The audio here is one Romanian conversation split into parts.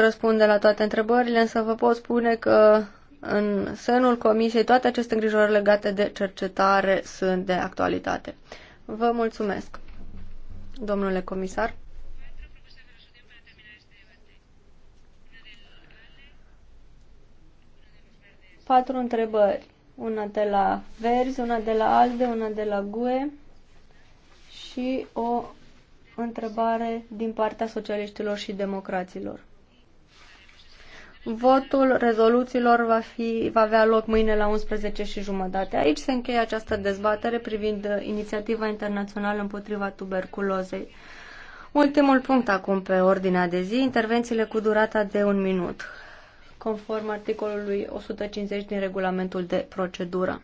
răspunde la toate întrebările, însă vă pot spune că în sânul comisiei toate aceste îngrijorări legate de cercetare sunt de actualitate. Vă mulțumesc, domnule comisar. Patru întrebări. Una de la Verzi, una de la Alde, una de la GUE și o întrebare din partea socialiștilor și democraților. Votul rezoluțiilor va, fi, va avea loc mâine la 11 și jumătate. Aici se încheie această dezbatere privind inițiativa internațională împotriva tuberculozei. Ultimul punct acum pe ordinea de zi, intervențiile cu durata de un minut, conform articolului 150 din regulamentul de procedură.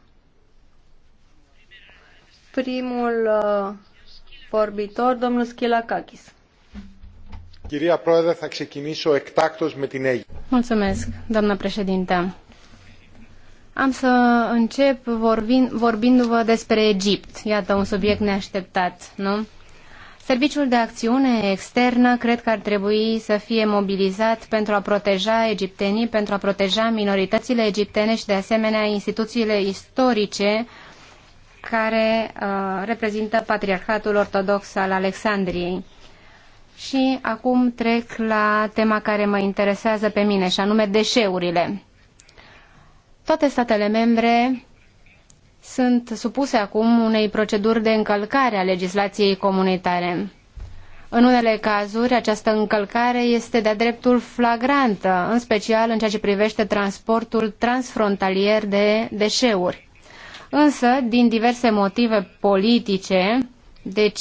Primul uh, vorbitor, domnul Schilakakis. Κυρία Πρόεδρε, θα ξεκινήσω εκτάκτως με την Mulțumesc, doamnă președinte. Am să încep vorbind, vorbindu-vă despre Egipt. Iată un subiect neașteptat, nu? Serviciul de acțiune externă cred că ar trebui să fie mobilizat pentru a proteja egiptenii, pentru a proteja minoritățile egiptene și de asemenea instituțiile istorice care uh, reprezintă Patriarhatul Ortodox al Alexandriei. Și acum trec la tema care mă interesează pe mine, și anume deșeurile. Toate statele membre sunt supuse acum unei proceduri de încălcare a legislației comunitare. În unele cazuri, această încălcare este de-a dreptul flagrantă, în special în ceea ce privește transportul transfrontalier de deșeuri. Însă, din diverse motive politice, deci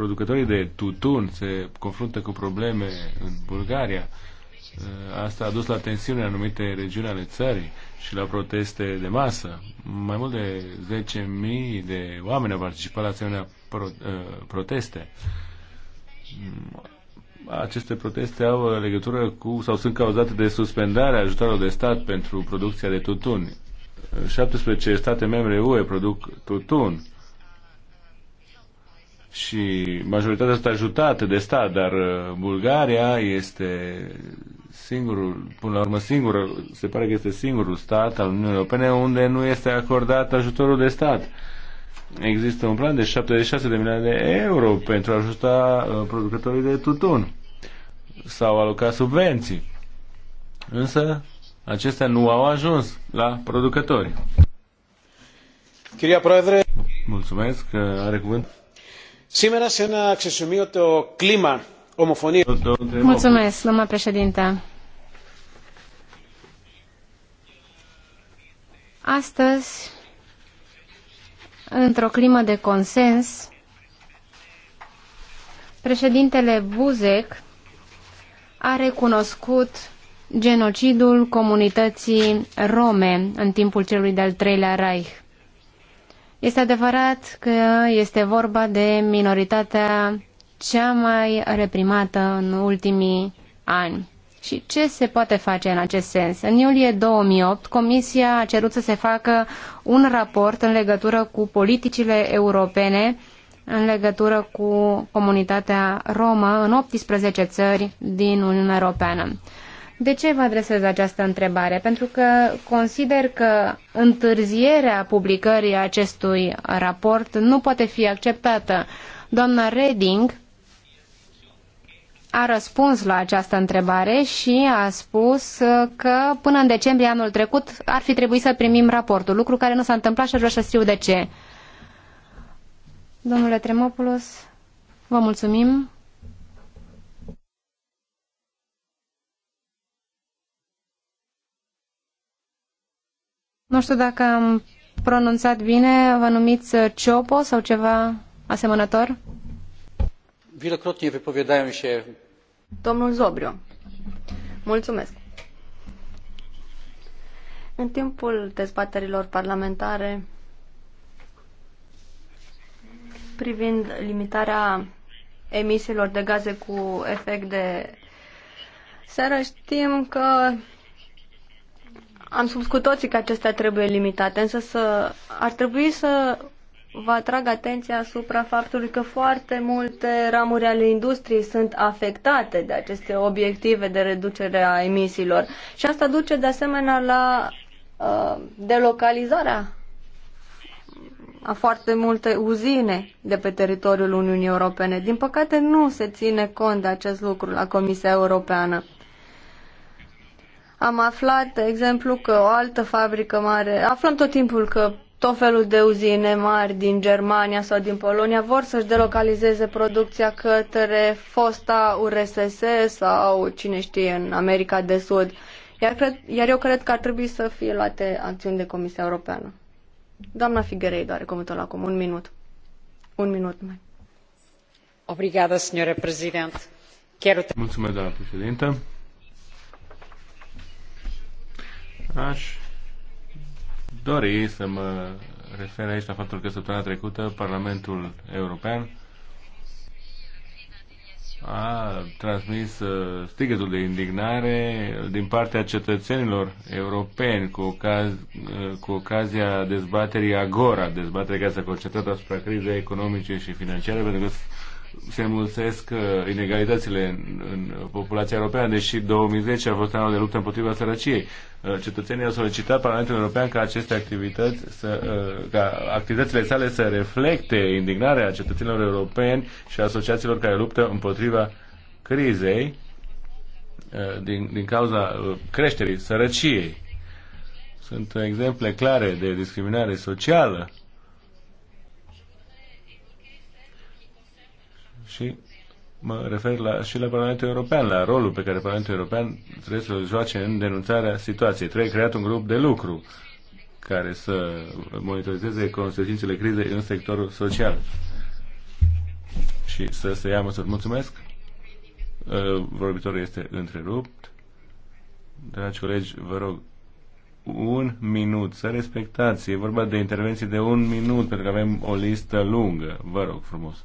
producătorii de tutun se confruntă cu probleme în Bulgaria. Uh, asta a dus la tensiune în anumite regiuni ale țării și la proteste de masă. Mai mult de 10.000 de oameni au participat la asemenea pro, uh, proteste. Mm, aceste proteste au uh, legătură cu sau sunt cauzate de suspendarea ajutorului de stat pentru producția de tutun. 17 state membre UE produc tutun și majoritatea sunt ajutate de stat, dar uh, Bulgaria este singurul, până la urmă singurul, se pare că este singurul stat al Uniunii Europene unde nu este acordat ajutorul de stat. Există un plan de 76 de milioane de euro pentru a ajuta uh, producătorii de tutun. sau aloca subvenții. Însă, acestea nu au ajuns la producători. Mulțumesc că uh, are cuvânt. Σήμερα σε ένα αξιοσημείωτο κλίμα ομοφωνίας... Mulțumesc, domnule președinte. Astăzi, într-o climă de consens, președintele Buzek a recunoscut genocidul comunității rome în timpul celui de-al treilea Reich. Este adevărat că este vorba de minoritatea cea mai reprimată în ultimii ani. Și ce se poate face în acest sens? În iulie 2008, Comisia a cerut să se facă un raport în legătură cu politicile europene în legătură cu comunitatea romă în 18 țări din Uniunea Europeană. De ce vă adresez această întrebare? Pentru că consider că întârzierea publicării acestui raport nu poate fi acceptată. Doamna Reding a răspuns la această întrebare și a spus că până în decembrie anul trecut ar fi trebuit să primim raportul, lucru care nu s-a întâmplat și aș vrea să știu de ce. Domnule Tremopoulos, vă mulțumim. Nu știu dacă am pronunțat bine, vă numiți Ciopo sau ceva asemănător? Wielokrotnie wypowiadałem się... Domnul Zobrio. Mulțumesc. În timpul dezbaterilor parlamentare privind limitarea emisiilor de gaze cu efect de seră, știm că am spus cu toții că acestea trebuie limitate, însă să, ar trebui să vă atrag atenția asupra faptului că foarte multe ramuri ale industriei sunt afectate de aceste obiective de reducere a emisiilor. Și asta duce de asemenea la uh, delocalizarea a foarte multe uzine de pe teritoriul Uniunii Europene. Din păcate nu se ține cont de acest lucru la Comisia Europeană. Am aflat, de exemplu, că o altă fabrică mare, aflăm tot timpul că tot felul de uzine mari din Germania sau din Polonia vor să-și delocalizeze producția către fosta URSS sau cine știe în America de Sud. Iar, cred, iar eu cred că ar trebui să fie luate acțiuni de Comisia Europeană. Doamna Figărei doare cuvântul acum. Un minut. Un minut mai. Obrigada, Presidente. Quero... Mulțumesc, doamna președintă. Aș dori să mă refer aici la faptul că săptămâna trecută Parlamentul European a transmis uh, strigătul de indignare din partea cetățenilor europeni cu, ocaz, uh, cu ocazia dezbaterii Agora, dezbaterea care s-a concentrat asupra crizei economice și financiare, pentru că se mulțesc uh, inegalitățile în, în populația europeană, deși 2010 a fost anul de luptă împotriva sărăciei. Uh, cetățenii au solicitat Parlamentul European ca aceste activități, să, uh, ca activitățile sale să reflecte indignarea cetățenilor europeni și asociațiilor care luptă împotriva crizei din, din cauza creșterii sărăciei. Sunt exemple clare de discriminare socială și mă refer la, și la Parlamentul European, la rolul pe care Parlamentul European trebuie să-l joace în denunțarea situației. Trebuie creat un grup de lucru care să monitorizeze consecințele crizei în sectorul social și să se ia măsuri. Mulțumesc! Uh, vorbitorul este întrerupt. Dragi colegi, vă rog, un minut, să respectați. E vorba de intervenții de un minut, pentru că avem o listă lungă. Vă rog frumos.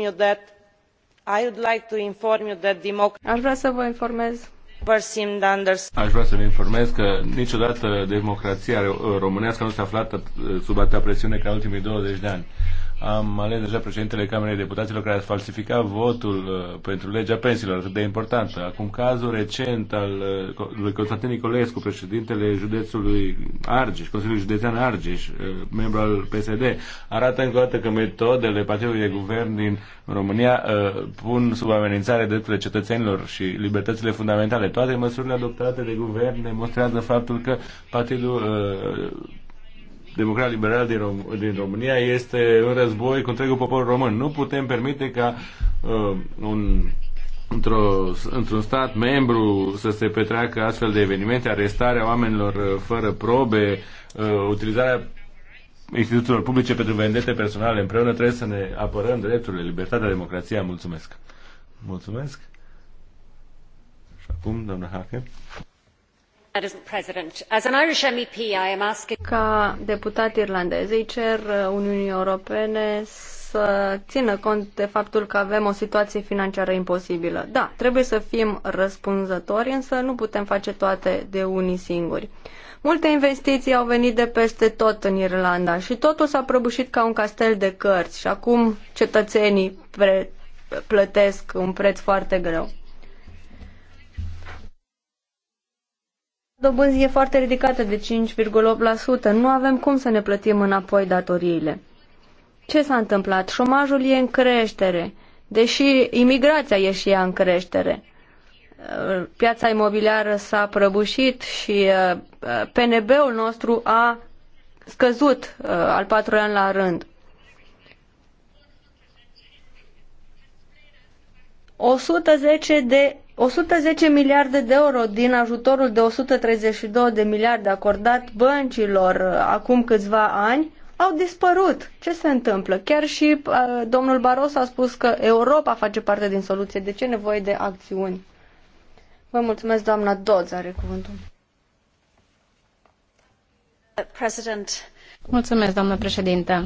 you Aș vrea să vă informez Aș vrea să vă informez că niciodată democrația românească nu s-a aflat sub atâta presiune ca în ultimii 20 de ani am ales deja președintele Camerei Deputaților care a falsificat votul uh, pentru legea pensiilor atât de importantă. Acum cazul recent al uh, lui Constantin Nicolescu, președintele județului Argeș, Consiliul Județean Argeș, uh, membru al PSD, arată încă o dată că metodele partidului de guvern din România pun sub amenințare drepturile cetățenilor și libertățile fundamentale. Toate măsurile adoptate de guvern demonstrează faptul că partidul democrat liberal din, Rom- din România este în război cu întregul popor român. Nu putem permite ca uh, un într-o, într-un stat membru să se petreacă astfel de evenimente, arestarea oamenilor uh, fără probe, uh, utilizarea instituțiilor publice pentru vendete personale împreună, trebuie să ne apărăm drepturile, libertatea, democrația. Mulțumesc! Mulțumesc! Și acum, doamna Hache ca deputat irlandez îi cer uniunii europene să țină cont de faptul că avem o situație financiară imposibilă. Da, trebuie să fim răspunzători, însă nu putem face toate de unii singuri. Multe investiții au venit de peste tot în Irlanda și totul s-a prăbușit ca un castel de cărți și acum cetățenii plătesc un preț foarte greu. dobânzi e foarte ridicată de 5,8%. Nu avem cum să ne plătim înapoi datoriile. Ce s-a întâmplat? Șomajul e în creștere, deși imigrația e și ea în creștere. Piața imobiliară s-a prăbușit și uh, uh, PNB-ul nostru a scăzut uh, al patrulea an la rând. 110 de 110 miliarde de euro din ajutorul de 132 de miliarde acordat băncilor uh, acum câțiva ani au dispărut. Ce se întâmplă? Chiar și uh, domnul Barroso a spus că Europa face parte din soluție. De ce nevoie de acțiuni? Vă mulțumesc, doamna Dodds are cuvântul. President. Mulțumesc, doamnă președintă.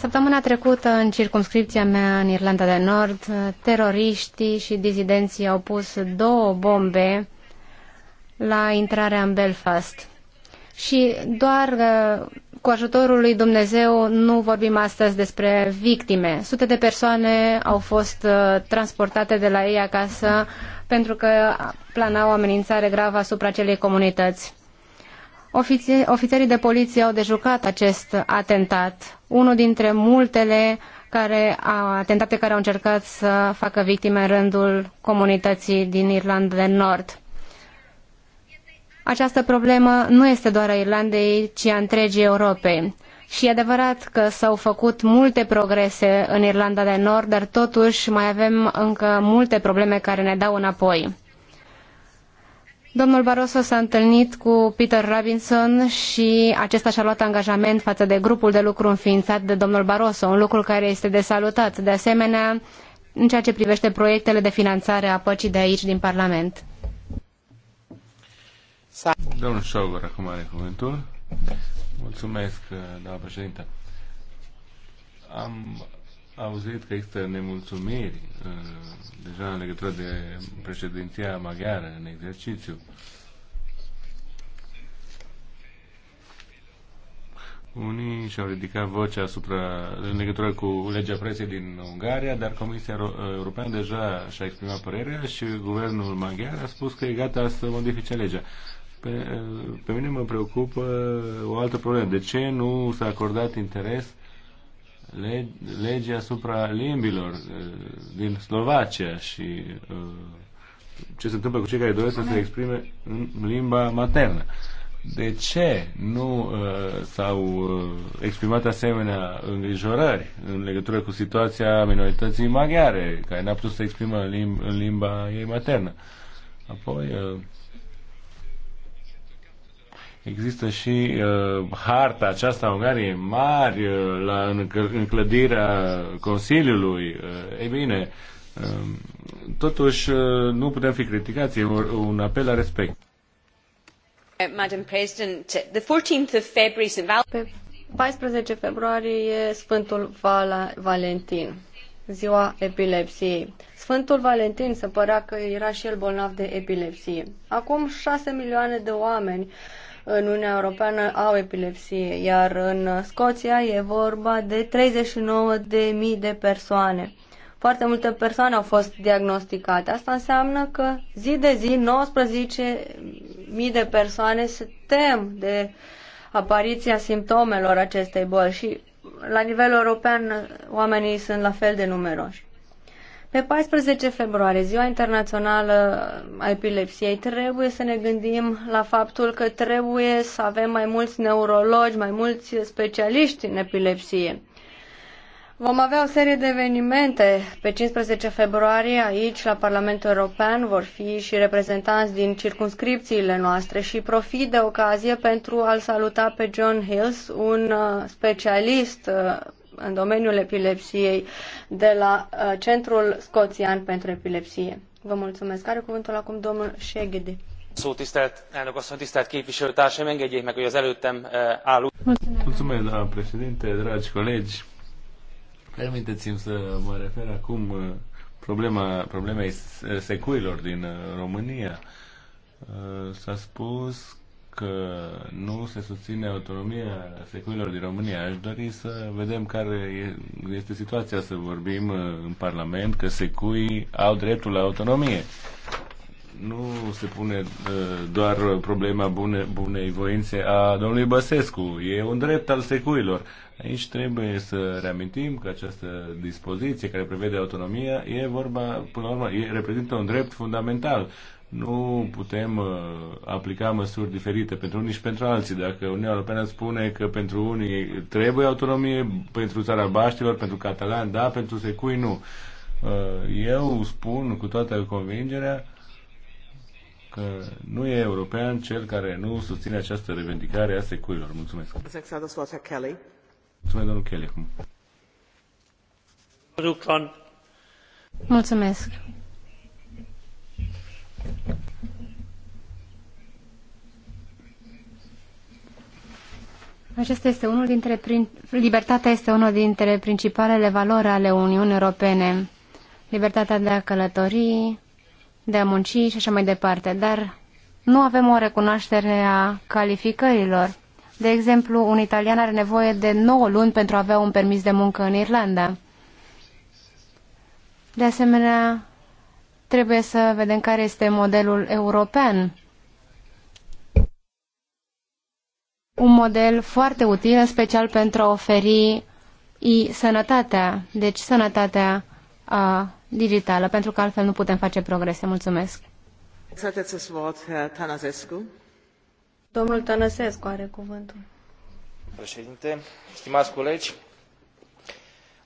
Săptămâna trecută, în circumscripția mea în Irlanda de Nord, teroriștii și dizidenții au pus două bombe la intrarea în Belfast. Și doar uh, cu ajutorul lui Dumnezeu nu vorbim astăzi despre victime. Sute de persoane au fost uh, transportate de la ei acasă pentru că planau o amenințare gravă asupra acelei comunități. Ofițerii de poliție au dejucat acest atentat unul dintre multele care a, atentate care au încercat să facă victime în rândul comunității din Irlanda de Nord. Această problemă nu este doar a Irlandei, ci a întregii Europei. Și e adevărat că s-au făcut multe progrese în Irlanda de Nord, dar totuși mai avem încă multe probleme care ne dau înapoi. Domnul Barroso s-a întâlnit cu Peter Robinson și acesta și-a luat angajament față de grupul de lucru înființat de domnul Barroso, un lucru care este de salutat. De asemenea, în ceea ce privește proiectele de finanțare a păcii de aici din Parlament. Domnul Șogor, acum are cuvântul. Mulțumesc, doamna președintă. Am auzit că există nemulțumiri uh, deja în legătură de președinția maghiară în exercițiu. Unii și-au ridicat vocea asupra, în legătură cu legea presiei din Ungaria, dar Comisia Europeană deja și-a exprimat părerea și guvernul maghiar a spus că e gata să modifice legea. Pe, uh, pe mine mă preocupă o altă problemă. De ce nu s-a acordat interes legea asupra limbilor uh, din Slovacia și uh, ce se întâmplă cu cei care doresc să se exprime în limba maternă. De ce nu uh, s-au uh, exprimat asemenea îngrijorări în legătură cu situația minorității maghiare, care n-a putut să exprimă în, lim- în limba ei maternă? Apoi, uh, Există și uh, harta aceasta a Ungariei mari uh, la, în, clădirea Consiliului. Uh, ei bine, uh, totuși uh, nu putem fi criticați, e un, un apel la respect. Eh, Madam President, the 14th of February St. Val- Pe 14 februarie e Sfântul Vala- Valentin, ziua epilepsiei. Sfântul Valentin se părea că era și el bolnav de epilepsie. Acum 6 milioane de oameni în Uniunea Europeană au epilepsie, iar în Scoția e vorba de 39.000 de persoane. Foarte multe persoane au fost diagnosticate. Asta înseamnă că zi de zi 19.000 de persoane se tem de apariția simptomelor acestei boli și la nivel european oamenii sunt la fel de numeroși. Pe 14 februarie, Ziua Internațională a Epilepsiei, trebuie să ne gândim la faptul că trebuie să avem mai mulți neurologi, mai mulți specialiști în epilepsie. Vom avea o serie de evenimente pe 15 februarie aici la Parlamentul European, vor fi și reprezentanți din circunscripțiile noastre și profit de ocazie pentru a-l saluta pe John Hills, un uh, specialist uh, în domeniul epilepsiei de la uh, Centrul Scoțian pentru Epilepsie. Vă mulțumesc. Are cuvântul acum domnul Șeghede. Szó, tisztelt elnök asszony, tisztelt képviselőtársaim, engedjék meg, hogy az előttem uh, álló. Mulțumesc, doamna președinte, dragi colegi. Permiteți-mi să mă refer acum uh, problema, problemei secuilor din România. S-a spus că nu se susține autonomia secuilor din România. Aș dori să vedem care este situația, să vorbim uh, în Parlament că secuii au dreptul la autonomie. Nu se pune uh, doar problema bune, bunei voințe a domnului Băsescu. E un drept al secuilor. Aici trebuie să reamintim că această dispoziție care prevede autonomia e vorba, până la urmă, e, reprezintă un drept fundamental nu putem uh, aplica măsuri diferite pentru unii și pentru alții. Dacă Uniunea Europeană spune că pentru unii trebuie autonomie, pentru țara Baștilor, pentru catalan, da, pentru secui, nu. Uh, eu spun cu toată convingerea că nu e european cel care nu susține această revendicare a secuilor. Mulțumesc. Mulțumesc, domnul Kelly. Mulțumesc. Acesta este unul dintre prin... Libertatea este unul dintre principalele valori ale Uniunii Europene. Libertatea de a călători, de a munci și așa mai departe. Dar nu avem o recunoaștere a calificărilor. De exemplu, un italian are nevoie de 9 luni pentru a avea un permis de muncă în Irlanda. De asemenea, Trebuie să vedem care este modelul european. Un model foarte util, în special pentru a oferi i sănătatea, deci sănătatea a, digitală, pentru că altfel nu putem face progrese. Mulțumesc. Domnul Tănăsescu are cuvântul. Președinte, stimați colegi,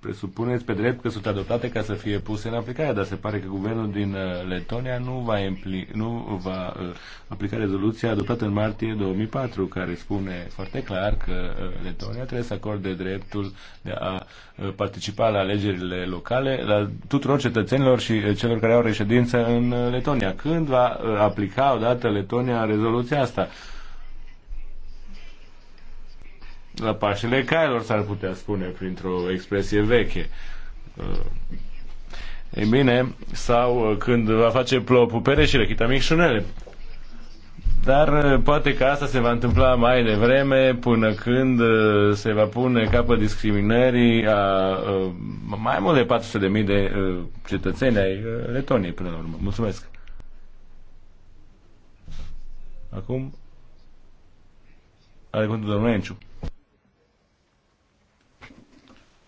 presupuneți pe drept că sunt adoptate ca să fie puse în aplicare, dar se pare că guvernul din uh, Letonia nu va, impli- nu va uh, aplica rezoluția adoptată în martie 2004, care spune foarte clar că uh, Letonia trebuie să acorde dreptul de a participa la alegerile locale la tuturor cetățenilor și celor care au reședință în Letonia. Când va aplica odată Letonia rezoluția asta? la pașele cailor, s-ar putea spune, printr-o expresie veche. Uh, ei bine, sau uh, când va face plouă pupere și rechita micșunele. Dar uh, poate că asta se va întâmpla mai devreme până când se va pune capăt discriminării a mai mult de 400.000 de cetățeni ai Letoniei până la urmă. Mulțumesc! Acum are cuvântul domnul Enciu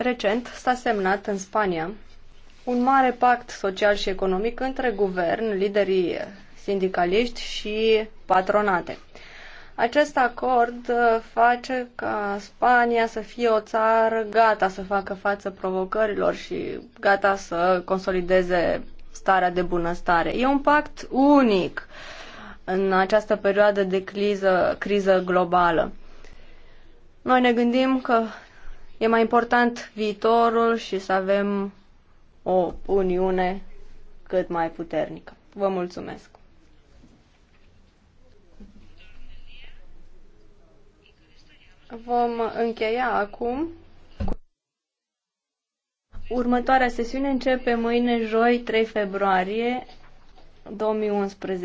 Recent s-a semnat în Spania un mare pact social și economic între guvern, liderii sindicaliști și patronate. Acest acord uh, face ca Spania să fie o țară gata să facă față provocărilor și gata să consolideze starea de bunăstare. E un pact unic în această perioadă de criză, criză globală. Noi ne gândim că E mai important viitorul și să avem o uniune cât mai puternică. Vă mulțumesc! Vom încheia acum. Următoarea sesiune începe mâine, joi, 3 februarie 2011.